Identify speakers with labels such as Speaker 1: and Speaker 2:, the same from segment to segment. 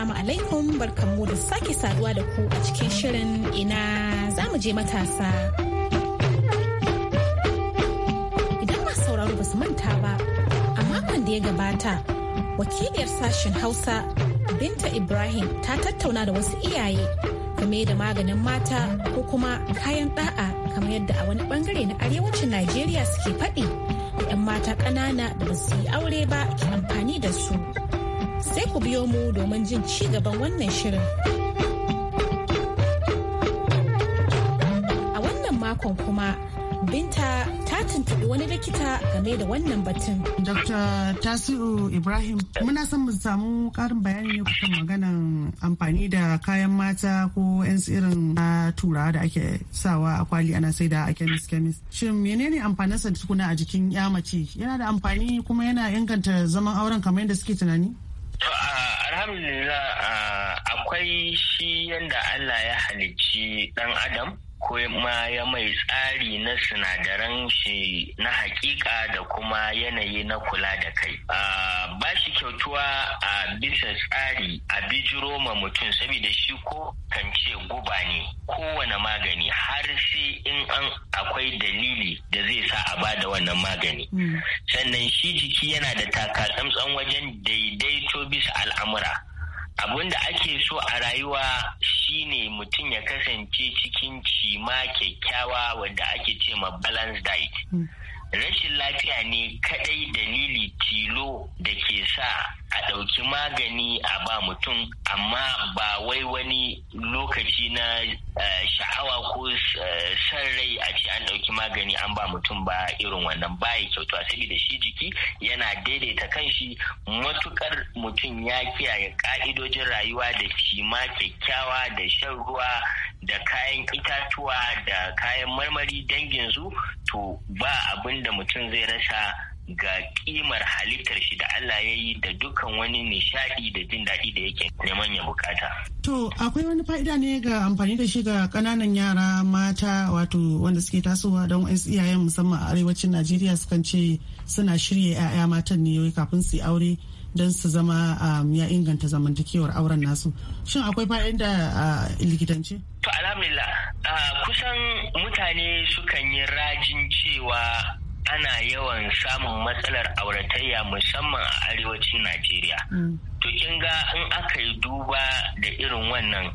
Speaker 1: Assalamu alaikum barkanmu da sake saduwa da ku a cikin shirin ina za mu je matasa. Idan masu sauraro ba su manta ba, a makon da ya gabata, wakiliyar sashen Hausa Binta Ibrahim ta tattauna da wasu iyaye game da maganin mata ko kuma kayan da'a kamar yadda a wani bangare na arewacin Najeriya suke faɗi 'yan mata ƙanana da ba su yi aure ba ke amfani da su. sai ku biyo mu domin jin ci gaban wannan shirin. A wannan makon kuma Binta ta tuntuɓi wani likita game da wannan batun. Dr. Tasiru Ibrahim, muna son mu samu
Speaker 2: ƙarin bayani ne kan maganan amfani da kayan mata ko 'yan tsirin na turawa da ake sawa a kwali ana sai da a kemis kemis. Shin menene amfaninsa tukuna a jikin ya mace? Yana da amfani kuma yana inganta zaman auren kamar yadda suke tunani?
Speaker 3: To a alhamdulillah akwai shi yadda Allah ya halicci ɗan Adam ko ma ya mai tsari na sinadaran shi na hakika da kuma yanayi na kula da kai ba shi kyautuwa a bisa tsari a bijiro ma mutum saboda shi ko kan ce guba ne kowane magani har sai in an akwai dalili da zai sa a bada wannan magani hmm. sannan shi jiki yana da taka-tsantsan wajen daidaito bisa al'amura abin da ake so a rayuwa shine mutum ya kasance cikin cima kyakkyawa wanda ake ce ma balance diet hmm. rashin lafiya ne kadai dalili tilo da ke sa a ɗauki magani a ba mutum amma ba wai wani lokaci na eh, sha'awa ko eh, san rai a ce an ɗauki magani an ba mutum ba irin wannan baya a saboda shi jiki yana daidaita kanshi matukar mutum ya kiyaye ka'idojin rayuwa da cima kyakkyawa da shan ruwa da kayan itatuwa da kayan marmari dangin su to ba abin da mutum zai rasa ga kimar halittar shi da Allah ya yi da dukkan wani nishadi da jin daɗi da yake neman ya bukata.
Speaker 2: To akwai wani fa'ida ne ga amfani da shi ga kananan yara mata wato wanda suke tasowa don wasu iyayen musamman a arewacin Najeriya sukan ce suna shirya 'ya'ya matan ne kafin su yi aure don su zama um, ya inganta zamantakewar auren nasu shin akwai fa'in da likitanci? to
Speaker 3: alhamdulillah kusan mutane sukan yi rajin cewa ana yawan samun matsalar auratayya musamman a arewacin najeriya mm. to kin ga in aka yi duba da irin wannan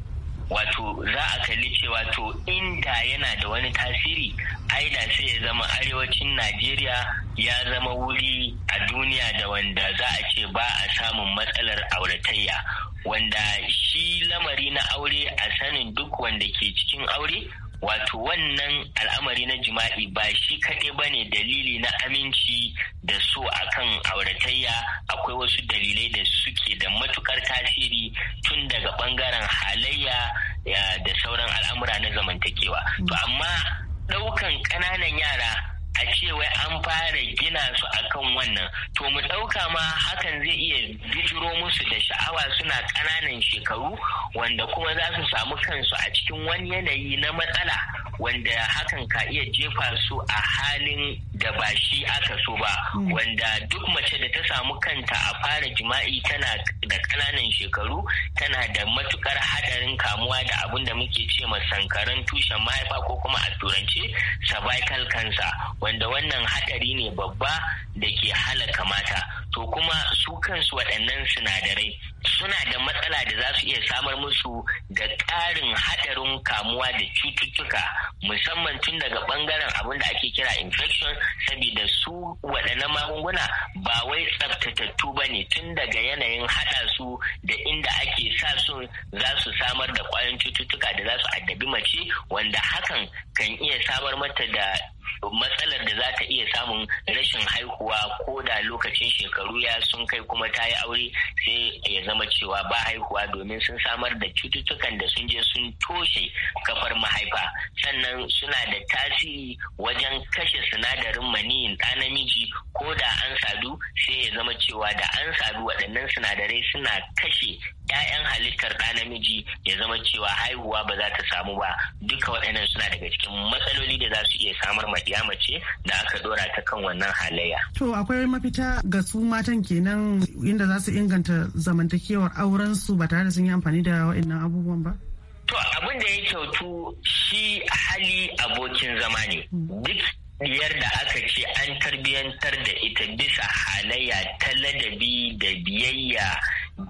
Speaker 3: wato za a kalli cewa to inda yana da wani tasiri aida sai ya zama arewacin najeriya ya zama wuri a duniya da wanda za a ce ba a samun matsalar auratayya wanda shi lamari na aure a sanin duk wanda ke cikin aure wato wannan al'amari na jima'i ba shi kaɗai ba ne dalili na aminci da so akan auratayya akwai wasu dalilai da suke da matukar tasiri tun daga ɓangaren halayya eh, da sauran al'amura na zamantakewa to amma ɗaukan ƙananan yara a ce wai an fara gina su akan wannan to mu ɗauka ma hakan zai iya bijiro musu da sha'awa suna ƙananan shekaru wanda kuma za su samu kansu a cikin wani yanayi na matsala wanda hakan ka iya jefa su a halin da ba shi aka so ba mm. wanda duk mace da ta samu kanta a fara jima'i tana da ƙananan shekaru tana da matukar haɗarin kamuwa da abin da muke ce ma sankaran tushen mahaifa ko kuma a turance cervical cancer wanda wannan haɗari ne babba da ke halaka mata to kuma su kansu waɗannan sinadarai suna da matsala da za su iya samar musu da ƙarin haɗarin kamuwa da cututtuka musamman tun daga ɓangaren abin da ake kira infection saboda
Speaker 4: su waɗannan magunguna
Speaker 3: ba wai tsaftatattu ba ne tun daga yanayin haɗa su da inda ake sa su za su samar da ƙwayoyin cututtuka da za su addabi mace wanda hakan kan iya samar mata da matsalar da za ta iya samun rashin haihuwa ko da lokacin shekaru ya sun kai kuma ta yi aure sai ya zama cewa ba haihuwa domin sun samar da cututtukan da sun je sun toshe kafar mahaifa sannan suna da tasiri wajen kashe sinadarin maniyin ɗa namiji ko da an sadu sai ya zama cewa da an sadu waɗannan sinadarai suna kashe 'ya'yan halittar ɗa namiji ya zama cewa haihuwa ba za ta samu ba duka waɗannan suna daga cikin matsaloli da za su iya samar ma ya mace da aka dora ta kan wannan halayya.
Speaker 2: To akwai mafita ga su matan kenan inda za su inganta zamantakewar auren su ba tare da sun yi amfani da waɗannan abubuwan ba? To abin
Speaker 3: da ya kyautu shi hali abokin zama ne. Hmm. Duk diyar da aka ce an tarbiyantar da ita bisa halayya ta ladabi da biyayya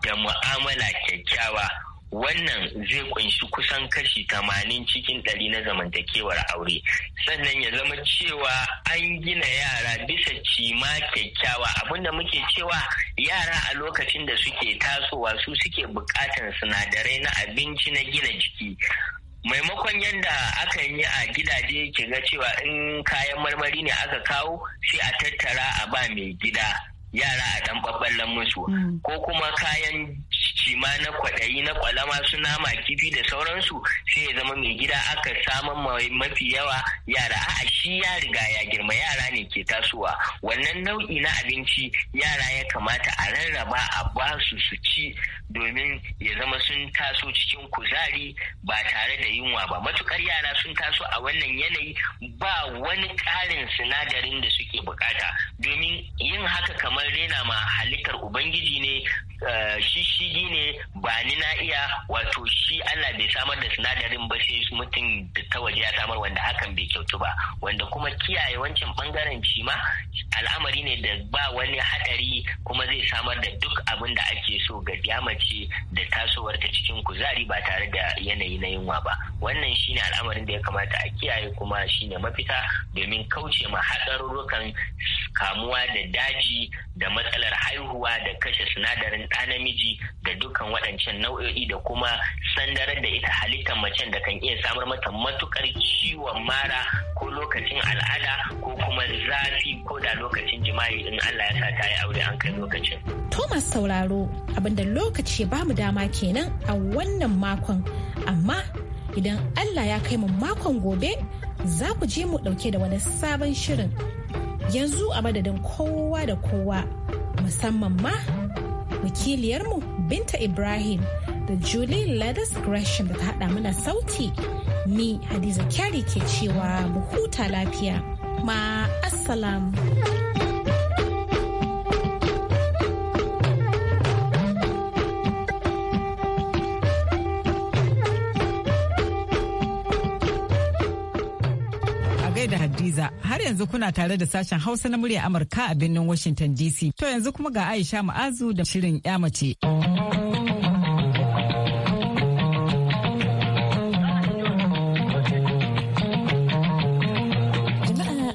Speaker 3: da mu'amala kyakkyawa wannan zai kunshi kusan kashi tamanin cikin ɗari na zamantakewar aure sannan ya zama cewa an gina yara bisa cima kyakkyawa abinda muke cewa yara a lokacin da suke tasowa su suke bukatar sinadarai na abinci na gina jiki maimakon yadda aka yi a gidaje ke ga cewa in kayan marmari ne aka kawo sai a tattara a ba mai gida yara a dan babballan musu mm. ko kuma kayan abinci na kwaɗayi na kwalama su nama kifi da sauransu sai ya zama mai gida aka samun mafi yawa yara a'a shi ya riga ya girma yara ne ke tasowa wannan nau'i na abinci yara ya kamata a rarraba a ba su su ci domin ya zama sun taso cikin kuzari ba tare da yunwa ba matukar yara sun taso a wannan yanayi ba wani ƙarin sinadarin da suke bukata domin yin haka kamar rena ma halittar ubangiji ne eh, shishigi ne ne ba ni na iya wato shi Allah bai samar da sinadarin ba sai mutum da ta waje ya samar wanda hakan bai kyautu ba wanda kuma kiyaye wancan bangaren shi ma al'amari ne da ba wani hadari kuma zai samar da duk abin da ake so ga yamace da tasowar ta cikin kuzari ba tare da yanayi na yunwa ba wannan shine al'amarin da ya kamata a kiyaye kuma shine mafita domin kauce ma hatsarurrukan kamuwa da daji da matsalar haihuwa da kashe sinadarin ɗa namiji da duk dukkan waɗancan nau'o'i da kuma sandarar da ita halittar macen da kan iya samar mata matukar ciwon mara ko lokacin al'ada ko kuma zafi ko da lokacin jima'i in Allah ya sa ta yi aure an kai lokacin.
Speaker 1: Thomas sauraro abinda lokaci ba mu dama kenan a wannan makon amma idan Allah ya kai mu makon gobe za ku je mu ɗauke da wani sabon shirin yanzu a madadin kowa da kowa musamman ma wakiliyarmu Binta Ibrahim da Julie Ladis Gresham da ta haɗa mana sauti. Ni Hadiza Kyari ke cewa mu huta lafiya. Ma
Speaker 4: Hadiza. Har yanzu kuna tare da sashen Hausa na murya Amurka a birnin Washington DC. To yanzu kuma ga Aisha Ma'azu da shirin 'ya mace.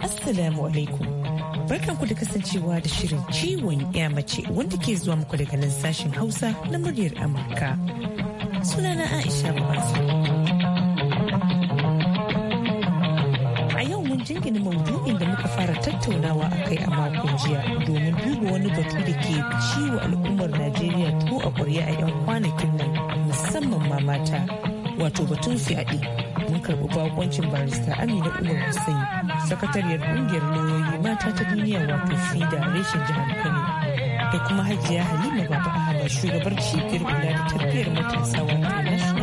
Speaker 2: Assalamu alaikum. ku da kasancewa da shirin ciwon ya mace wanda ke zuwa muku daga nan sashen Hausa na muryar Amurka. Sunana Aisha Ma'azu. jingina maudu'in da muka fara tattaunawa a kai a makon jiya domin duba wani batu da ke ciwo al'ummar najeriya ko a kwarya a 'yan kwanakin nan musamman ma mata wato batun fyaɗe mun karɓi bakoncin barista amina umar hussein sakatariyar ƙungiyar lauyoyi mata ta duniya wato fida reshen jihar kano da kuma hajiya halima baba ahmad shugabar cibiyar kula da tarbiyar matasa wato national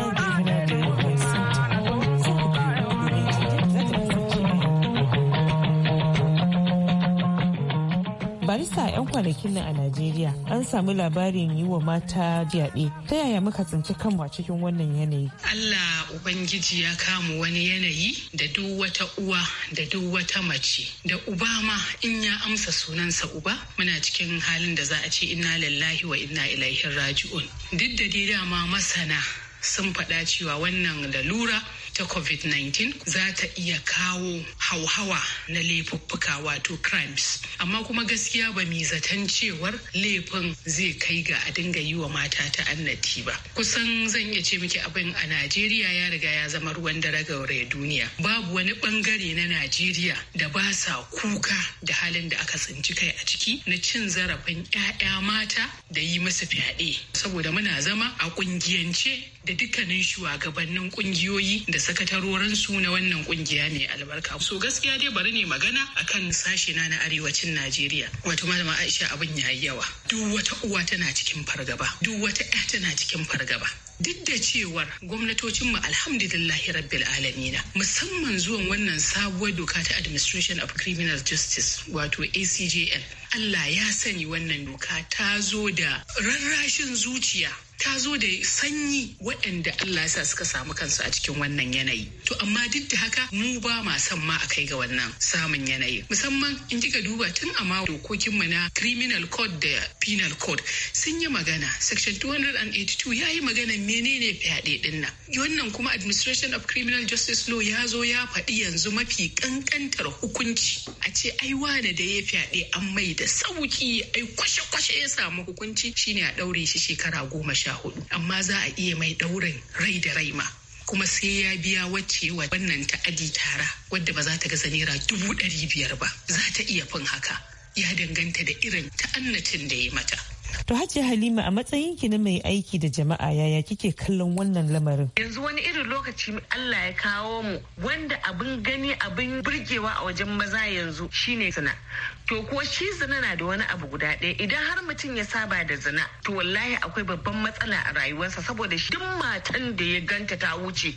Speaker 2: kwanakin nan a Najeriya an samu labarin yi wa mata fyaɗe. Ta yaya muka tsinci kanmu a cikin wannan yanayi?
Speaker 5: Allah Ubangiji ya kamu wani yanayi da duk wata uwa da duk wata mace da uba ma in ya amsa sunansa uba muna cikin halin da za a ce inna lillahi wa inna ilaihi raji'un. Duk da dai dama masana sun faɗa cewa wannan lalura ta covid-19 za ta iya kawo hauhawa na laifuffuka wato crimes amma kuma gaskiya ba mi zaton cewar laifin zai kai ga a dinga yi wa mata annati ba kusan zan iya ce miki abin a najeriya ya riga ya zama ruwan dare gauraya duniya babu wani bangare na najeriya da ba sa kuka da halin da aka tsinci kai a ciki na cin zarafin 'ya'ya mata da yi masa fyaɗe saboda muna zama a ƙungiyance da dukkanin shugabannin kungiyoyi da sakatarorinsu na wannan kungiya mai albarka. So gaskiya dai bari ne magana akan sashe na na arewacin Najeriya. Wato malama Aisha abin ya yi yawa. Duk wata uwa tana cikin fargaba, duk wata ɗa tana cikin fargaba. duk da cewar gwamnatocinmu alhamdulillahi rabbil alamina musamman zuwan wannan sabuwar doka ta administration of criminal justice wato acjn Allah ya sani wannan doka ta zo da rarrashin zuciya ta zo da sanyi waɗanda Allah ya sa suka samu kansu a cikin wannan yanayi. To amma duk da haka mu ba ma son ma a kai ga wannan samun yanayi. Musamman in kika duba tun a ma dokokinmu na Criminal Code da Penal Code sun yi magana Section 282 ya yi magana menene fyaɗe ɗin nan. Wannan kuma Administration of Criminal Justice Law ya zo ya faɗi yanzu mafi ƙanƙantar hukunci a ce ai wane da ya fyaɗe an mai da sauki ai kwashe-kwashe ya samu hukunci shine a ɗaure shi shekara goma sha hudu amma za a iya mai ɗaurin rai da rai ma kuma sai ya biya wacce wannan ta'adi tara wadda ba za ta gaza naira dubu ɗari biyar ba za ta iya fin haka
Speaker 6: ya danganta da irin ta'annacin da ya mata.
Speaker 2: To Hajji Halima a matsayin ki na mai aiki da jama'a yaya kike kallon wannan lamarin?
Speaker 6: Yanzu wani irin lokaci Allah ya kawo mu wanda abin gani abin burgewa a wajen maza yanzu shine sana. to ko shi zina na da wani abu guda ɗaya idan har mutum ya saba da zina to wallahi akwai babban matsala a rayuwarsa saboda shi duk matan da ya ganta ta wuce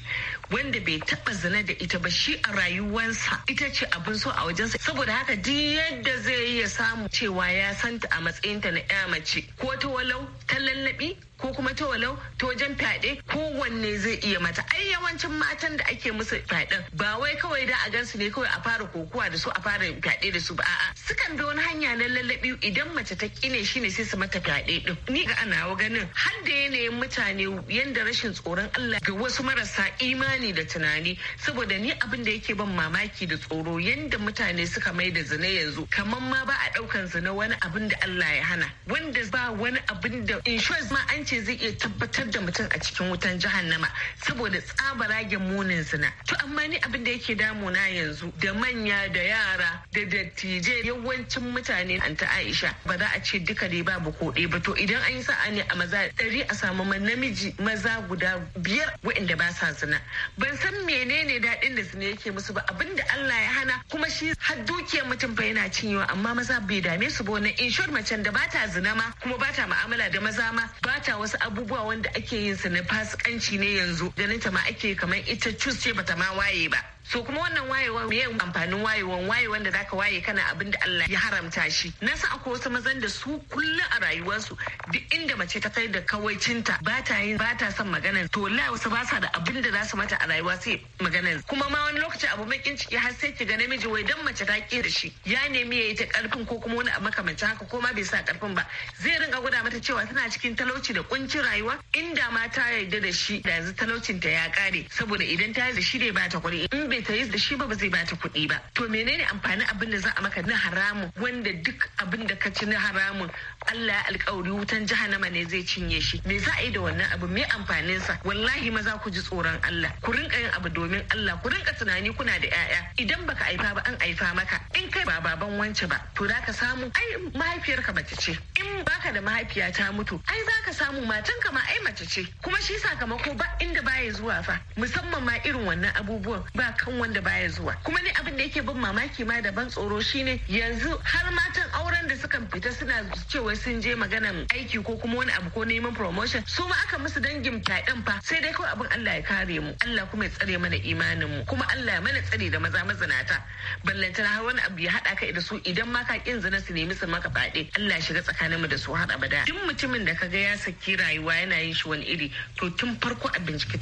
Speaker 6: wanda bai taba zina da ita ba shi a rayuwarsa ita ce abin so a wajensa saboda haka duk yadda zai iya samu cewa ya santa a matsayinta na ya mace ko ta walau ta lallabi ko kuma ta walau ta wajen fyaɗe kowanne zai iya mata ai yawancin matan da ake musu fyaɗen ba wai kawai da a gansu ne kawai a fara kokuwa da su a fara fyaɗe da su ba a'a sukan bi wani hanya na lallabi idan mace ta kine shi ne sai su mata fyaɗe ɗin. ni ga ana ganin har da yanayin mutane yanda rashin tsoron Allah ga wasu marasa imani da tunani saboda ni abin da yake ban mamaki da tsoro yanda mutane suka mai da zina yanzu kamar ma ba a ɗaukan zina wani abin da Allah ya hana wanda ba wani abin da insurance ma an ce zai iya tabbatar da mutum a cikin wutan nama saboda tsaba ragen munin zina to amma ni abin da yake damu na yanzu da manya da yara da dattijai yawancin mutane an ta aisha ba za a ce duka dai babu ko ɗaya ba to idan an yi sa'a ne a maza ɗari a samu namiji maza guda biyar waɗanda ba sa zina ban san menene daɗin da zina yake musu ba abin da Allah ya hana kuma shi har dukiyar mutum fa yana cinyewa amma maza bai dame su ba wannan inshor macen da ba ta zina ma kuma ba ta mu'amala da maza ma ba ta wasu abubuwa wanda ake yin su na fasikanci ne yanzu ganin ta ma ake kamar ita cus ce bata ma waye ba so kuma wannan wayewa me amfanin wayewan wayewan da zaka waye kana abin da Allah ya haramta shi na sa akwai wasu mazan da su kullum a rayuwarsu duk inda mace ta kai da kawaicinta ba ta yin ba ta son magana to la wasu ba sa da abin da za su mata a rayuwa sai magana kuma ma wani lokaci abu bakin ciki har sai ki ga namiji wai dan mace ta ki da shi ya nemi ya yi ta karfin ko kuma wani abu. makamancin haka ko ma bai sa karfin ba zai rinka guda mata cewa tana cikin talauci da kuncin rayuwa inda ma ta yarda da shi da yanzu talaucin ya kare saboda idan ta yarda shi dai ba ta kwari in bai ce ta yi da shi ba ba zai bata kuɗi ba to menene amfanin abin da za a maka na haramun wanda duk abin da ka ci na haramun Allah ya alkawari wutan jahannama ne zai cinye shi me za a yi da wannan abu me amfanin sa wallahi maza ku ji tsoron Allah ku rinka yin abu domin Allah ku rinka tunani kuna da ƴaƴa idan baka aifa ba an aifa maka in kai ba baban wance ba to za ka samu ai mahaifiyarka mace ce in baka da mahaifiya ta mutu ai za ka samu matanka ma ai mace ce kuma shi sakamako ba inda baya zuwa fa musamman ma irin wannan abubuwan ba kan wanda baya zuwa kuma ne abin da yake bin mamaki ma da ban tsoro shine yanzu har matan auren da suka fita suna cewa sun je maganan aiki ko kuma wani abu ko neman promotion su ma aka musu dangin fyaɗen fa sai dai kawai abin Allah ya kare mu Allah kuma ya tsare mana imanin mu kuma Allah ya mana tsare da maza mazinata ballantana har wani abu ya haɗa kai da su idan ma ka kin zina su nemi su maka faɗe Allah ya shiga tsakanin mu da su har abada duk mutumin da kaga ya saki rayuwa yana yin shi wani iri to tun farko a binciki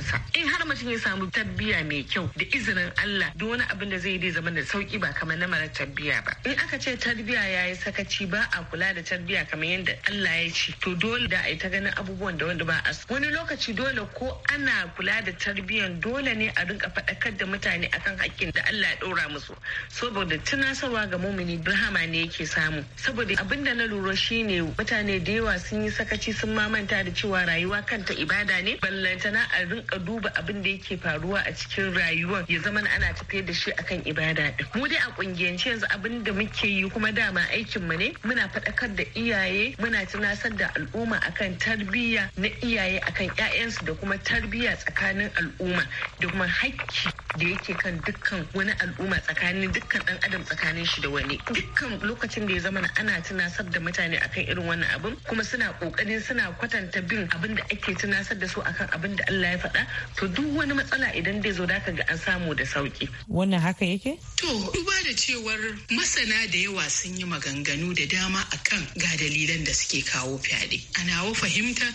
Speaker 6: sa in har mutum ya samu tarbiyya mai kyau da izinin Allah duk wani abin da zai yi zama da sauki ba kamar na mara tarbiya ba in aka ce tarbiya yi sakaci ba a kula da tarbiya kamar yadda Allah ya ce to dole da a yi ta ganin abubuwan da wanda ba a so wani lokaci dole ko ana kula da tarbiyan dole ne a rinka faɗakar da mutane akan hakkin da Allah ya ɗora musu saboda tunasarwa ga mumini birhama ne yake samu saboda abin da na lura shi ne mutane da yawa sun yi sakaci sun mamanta da cewa rayuwa kanta ibada ne ballantana a rinka duba abin da yake faruwa a cikin rayuwa rayuwar ya zama ana tafiyar da shi akan ibada din mu dai a kungiyance yanzu abin da muke yi kuma dama aikin mu ne muna faɗakar da iyaye muna tunasar da al'umma akan tarbiyya na iyaye akan ƴaƴansu da kuma tarbiyya tsakanin al'umma da kuma hakki da yake kan dukkan wani al'umma tsakanin dukkan dan adam tsakanin shi da wani dukkan lokacin da ya zama ana tunasar da mutane akan irin wannan abin kuma suna kokarin suna kwatanta bin abin da ake tunasar da su akan abin da Allah ya faɗa to duk wani matsala idan dai zo da ka ga an samu da sauki. Wannan haka yake?
Speaker 5: To, duba da cewar masana da yawa sun yi maganganu da dama akan ga dalilan da suke kawo fyaɗe. A nawa fahimta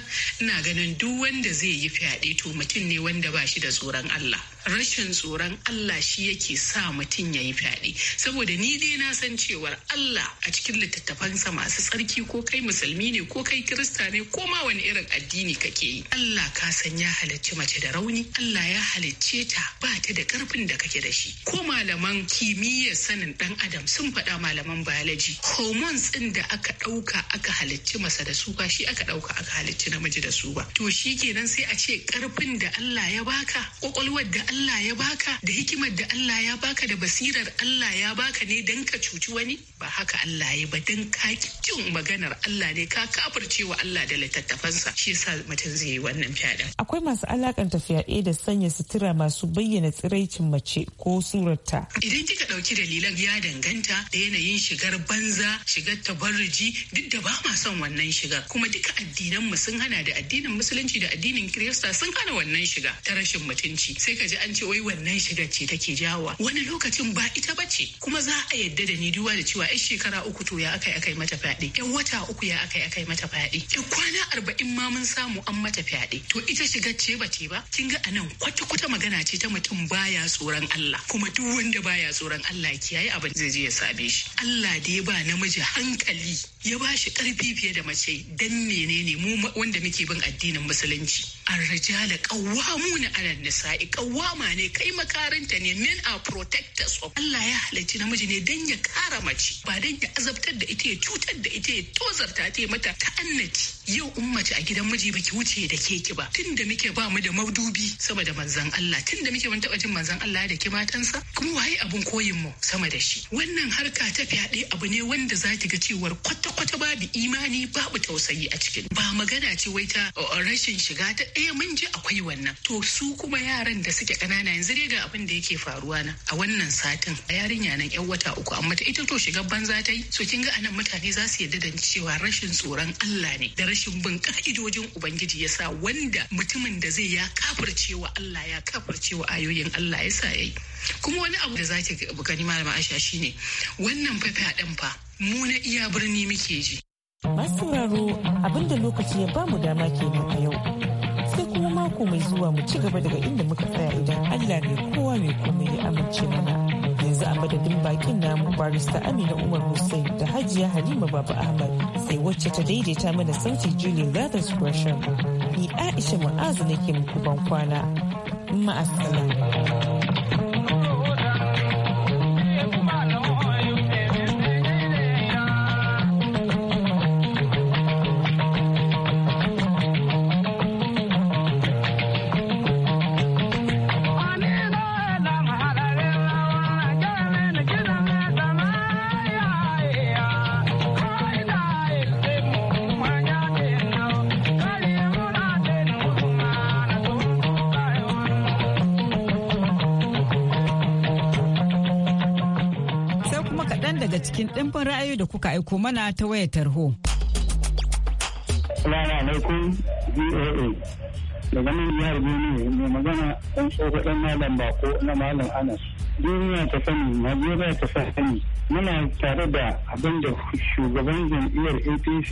Speaker 5: ina ganin duk wanda zai yi fyaɗe to mutum ne wanda ba shi da tsoron Allah. rashin tsoron Allah shi yake sa mutum ya yi fyaɗe saboda ni dai na san cewar Allah a cikin littattafansa masu tsarki ko kai musulmi ne ko kai kirista ne ko ma wani irin addini kake yi Allah ka san ya halicci mace da rauni Allah ya halicce ta ba ta da karfin da kake da shi ko malaman kimiyyar sanin dan adam sun faɗa malaman biology hormones ɗin da aka ɗauka aka halicci masa da su ba shi aka ɗauka aka halicci namiji da su ba to shi kenan sai a ce karfin da Allah ya baka kwakwalwar da Allah ya baka da hikimar da Allah ya baka da basirar Allah ya baka ne don ka cuci wani ba haka Allah ya ba don ka kin maganar Allah ne ka kafircewa Allah da littattafansa shi yasa mutum zai yi wannan fyaɗen.
Speaker 2: Akwai masu alakanta fyaɗe da sanya sutura masu bayyana tsiraicin mace ko surarta.
Speaker 5: Idan kika ɗauki dalilan ya danganta da yanayin shigar banza shigar tabarji duk da ba ma son wannan shiga kuma duka addinan mu sun hana da addinin musulunci da addinin kirista sun hana wannan shiga ta rashin mutunci sai ka ji an ce wai wannan shigar ce take jawo wani lokacin ba ita ba ce kuma za a yadda da ni duwa da cewa ai shekara uku to ya akai akai mata fyaɗe yan wata uku ya akai akai mata fyaɗe yan kwana arba'in ma mun samu an mata fyaɗe to ita shigar ce ba ce ba kin ga anan kwata kwata magana ce ta mutum baya tsoron Allah kuma duk wanda baya tsoron Allah kiyaye abin zai je ya sabe shi Allah da ba namiji hankali ya ba shi karfi fiye da mace dan menene mu wanda muke bin addinin musulunci an rajala qawwamuna ala nisa'i qawwa kama ne kai makarinta ne men a protectors of Allah ya halarci namiji ne dan ya kara mace ba dan ya azabtar da ita ya cutar da ita ya tozarta ta mata ta annaci yau in mace a gidan miji baki wuce da keki ba tunda muke ba mu da madubi sama da manzon Allah tunda muke mun taba jin manzan Allah da ke matansa kuma waye abun koyin mu sama da shi wannan harka ta fyaɗe abu ne wanda za ki ga cewar kwata-kwata babu imani babu tausayi a cikin ba magana ce wai ta oh, oh, rashin shiga ta ɗaya eh, mun ji akwai wannan to su kuma yaran da suke kanana yanzu dai ga abin da yake faruwa na a wannan satin a yarinya nan yan wata uku amma ta ita to shiga banza ta yi so kin ga anan mutane za su yarda da cewa rashin tsoron Allah ne da rashin bin ka'idojin ubangiji ya sa wanda mutumin da zai ya kafircewa Allah ya kafircewa ayoyin Allah ya sa yayi kuma wani abu da zaki gani malama Aisha shine wannan fa fadan fa mu na iya birni muke ji
Speaker 2: masu raro abinda lokaci ya ba mu dama ke nufi mako mai zuwa mu ci gaba daga inda muka tsaya idan Allah ne kowa mai komai ya amince mana. Yanzu a madadin bakin namu barista Amina Umar Hussein da Hajiya Halima Baba Ahmad sai wacce ta daidaita mana sauti Julie Lathers Gresham. Ni Aisha Mu'azu nake muku ban kwana. Ma'asala.
Speaker 4: kuka aiko mana ta wayar tarho.
Speaker 7: Assalamu alaikum daga nan jihar Benue mai magana ɗan tsofaɗin malam bako na malam Anas. Duniya ta sani, Najeriya ta sani. Muna tare da abin da shugaban jam'iyyar APC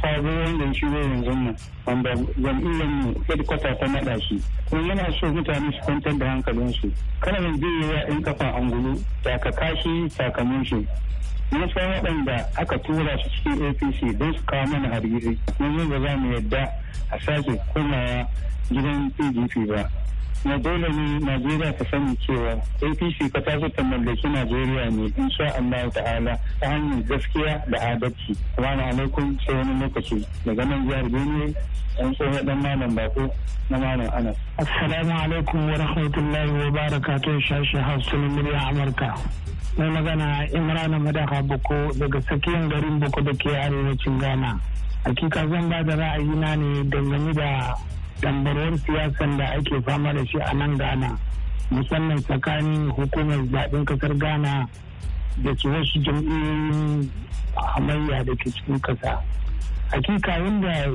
Speaker 7: sabo wanda ya shigo yanzu nan wanda jam'iyyar mu headquarter ta naɗa shi. Kuma muna so mutane su kwantar da hankalinsu. Kada mu biyewa 'yan kafa angulu, taka kashi takamin shi. mun san waɗanda aka tura su cikin apc don su kawo mana hargitsi mun ba za mu yadda a sake komawa gidan pdp ba na dole ne najeriya ta sani cewa apc ka taso ta mallaki najeriya ne insha allah ta'ala ta hanyar gaskiya da adalci salamu alaikum sai wani lokaci daga nan jihar benue yan tsohon dan malam bako na malam anas assalamu alaikum wa rahmatullahi wa barakatuh shashi hausa na murya amurka mai magana rana madaha boko daga tsakiyar garin boko da ke arewacin ghana hakika zan ba da ra'ayina ne dangane da tambarwar siyasan da ake fama da shi a nan ghana musamman tsakanin hukumar zaɓen ƙasar ghana da ke wasu jam'iyyoyin hamayya da ke cikin ƙasa hakika yadda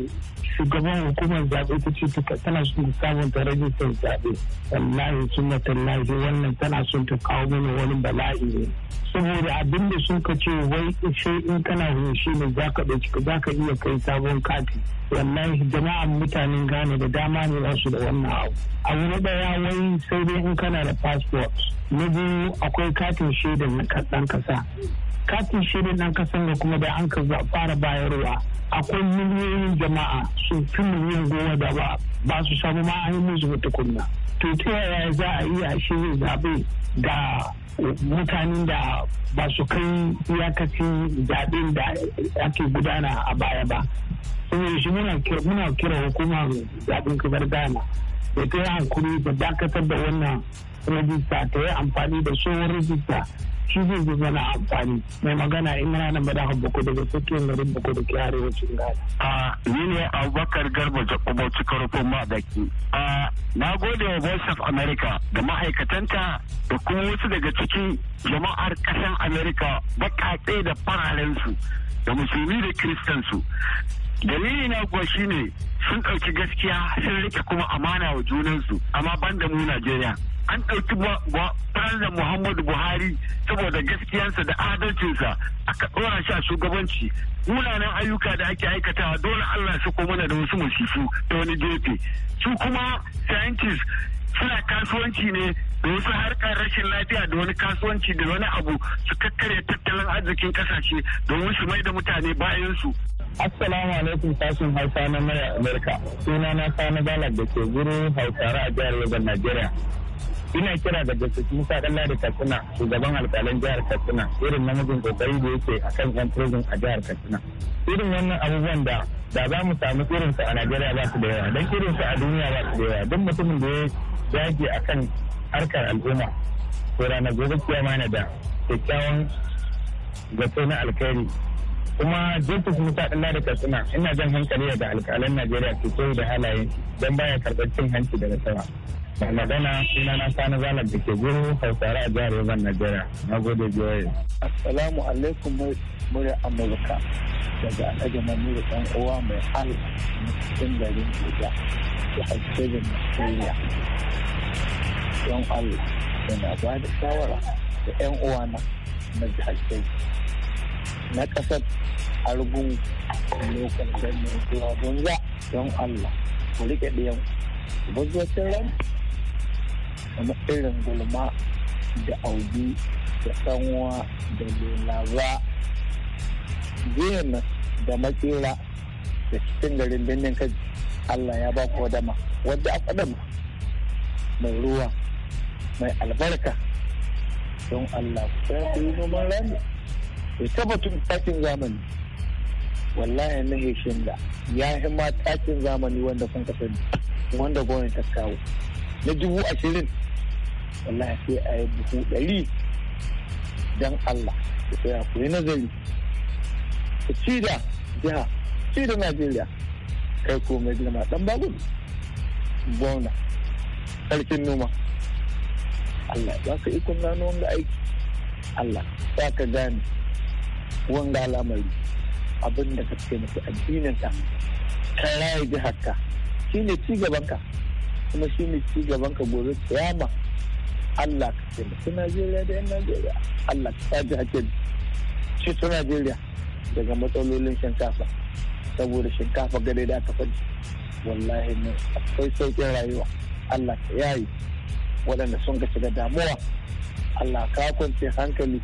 Speaker 7: shugaban hukumar zaɓe ta ce tana son samun ta rajistar zaɓe wallahi suna tallahi wannan tana son ta kawo mana wani bala'i ne saboda abin da sun ka ce wai ishe in kana shi ne za ka ɗauki za ka iya kai sabon kati wallahi jama'an mutanen Ghana da dama ne za su da wannan abu abu na ɗaya wai sai dai in kana da passport na biyu akwai katin shaidar na ɗan kasa katin shaidar ɗan kasan da kuma da an ka fara bayarwa akwai miliyoyin jama'a su fi miliyan goma da ba ba su samu ma an kunna to ta yaya za a iya shirin shirya zaɓe ga mutanen da ba su kai iyakacin zaɓen da ake gudana a baya ba saboda shi muna kira hukumar zaɓen kasar gana da ta yi hankuri da dakatar da wannan rajista ta yi amfani da tsohon rajista shi zai zo zana amfani mai magana imrana madahan bako daga tsakiyar garin bako da ke arewacin gada. a ni ne abubakar garba jakubo cikarufin madaki a na gode wa voice of america da ma'aikatanta da kuma wasu daga cikin jama'ar kasan america baƙaƙe da fararen su da musulmi da kiristansu dalili na kuwa ne sun ɗauki gaskiya sun rike kuma amana wa junansu amma ban da mu najeriya an ɗauki da muhammadu buhari saboda gaskiyansa da adalcinsa aka ɗora shi a shugabanci munanan ayyuka da ake aikatawa dole allah su mana da wasu masifu ta wani gefe su kuma scientists suna kasuwanci ne da wasu harkar rashin lafiya da wani kasuwanci da wani abu su kakkarya tattalin arzikin kasashe domin su mai da mutane bayansu. Assalamu alaikum sashen Hausa na mara Amurka. Suna na Sani Balak da ke guru Hausare a jihar Yoban Najeriya. Ina kira ga Justice Musa Dalla da Katsina, shugaban alƙalan jihar Katsina, irin namijin kokari da yake a kan yan prison a jihar Katsina. Irin wannan abubuwan da da za mu samu irinsu a Najeriya ba su da yawa, don irinsu a duniya ba su da yawa. Duk mutumin da ya yage a kan harkar al'umma, to ranar gobe kiyama na da kyakkyawan zato na alkhairi kuma justice a ɗan da katsina ina jan hankali da alƙalan najeriya su so da halaye don baya karɓar cin hanci daga sama da magana suna na sani zalar da ke guru hausare a jihar yoban najeriya na gode biyoyi
Speaker 8: assalamu alaikum murya amurka daga alhaji mamuru ɗan uwa mai al cikin garin kuta da hajjajin nigeria don allah yana ba da shawara da 'yan uwana na jihar na ƙasar argun lokal gannin zuwa banza don allah ku riƙe ɗayan bazuwacin ran kamar irin gulma da aubi da sanwa da lelaba biyan da makera da cikin garin birnin kaji allah ya ba ku dama wadda a dama mai ruwa mai albarka don allah ku sai ku yi noman rani ya taba tun takin zamani wallahi na heshin da ya yi ma takin zamani wanda kun ka sani wanda gwamnati ta kawo na dubu ashirin wallahi sai a yi buhu ɗari don Allah ya tsaya ku yi nazari ku ci da jiha ci da Najeriya kai ko mai girma dan bagudu gwamna sarkin noma Allah ba ka ikon gano wanda aiki Allah ba ka gane wanga lamari, abin da ka taimaki addinin ka ka ji jihar ka ne ci gaban ka kuma shi ci gaban ka gobe kiyama Allah ka taimaki Najeriya da 'yan Najeriya Allah ka ji hakin shi ta Najeriya daga matsalolin shinkafa saboda shinkafa gare da aka faɗi wallahi ne akwai sauƙin rayuwa Allah ka yayi waɗanda sun ka shiga damuwa Allah ka kwance hankali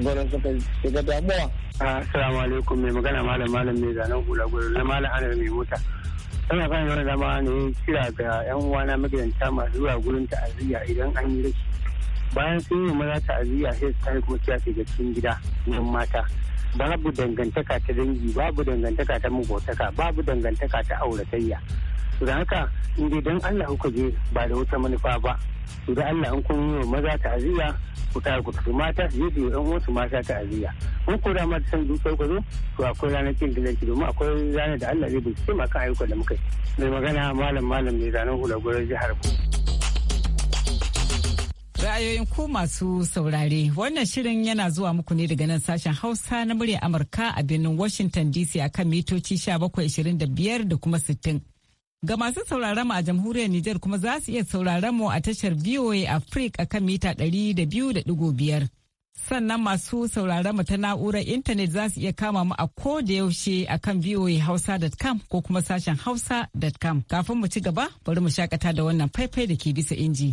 Speaker 8: gwanon suka shiga damuwa. Assalamu alaikum mai magana malam malam mai zanen hula gwaro na malam ana mai
Speaker 7: mota. Tana kan yawan dama ne kira ga 'yan uwana magidanta masu zuwa gurin ta'aziyya idan an yi rashi. Bayan sun yi maza ta'aziyya sai su tafi kuma siya ga cikin gida nan mata. Babu dangantaka ta dangi, babu dangantaka ta mabotaka babu dangantaka ta auratayya. su da haka inda dan Allah kuka je ba da wata manufa ba su da Allah in kun yi wa maza ta'aziyya ku tare ku tafi mata su je su wasu mata ta'aziyya in ku da mata san dukiyar ku zo to akwai ranar kin gidanki domin akwai ranar da Allah zai bincike ma kan ayyukan da muka yi mai magana malam malam mai zanen hula jihar ku.
Speaker 4: Ra'ayoyin ku masu saurare wannan shirin yana zuwa muku ne daga nan sashen Hausa na murya Amurka a birnin Washington DC akan mitoci 1725 da kuma 60. Ga masu sauraron mu a jamhuriyar Nijar kuma za su iya sauraron mu a tashar VOA Africa kan mita 200.5. Sannan masu sauraron mu ta na'urar intanet za su iya kama mu a ko da yaushe a kan voahausa.com ko kuma sashen hausa.com. Kafin mu ci gaba, bari mu shakata da wannan faifai da ke bisa inji.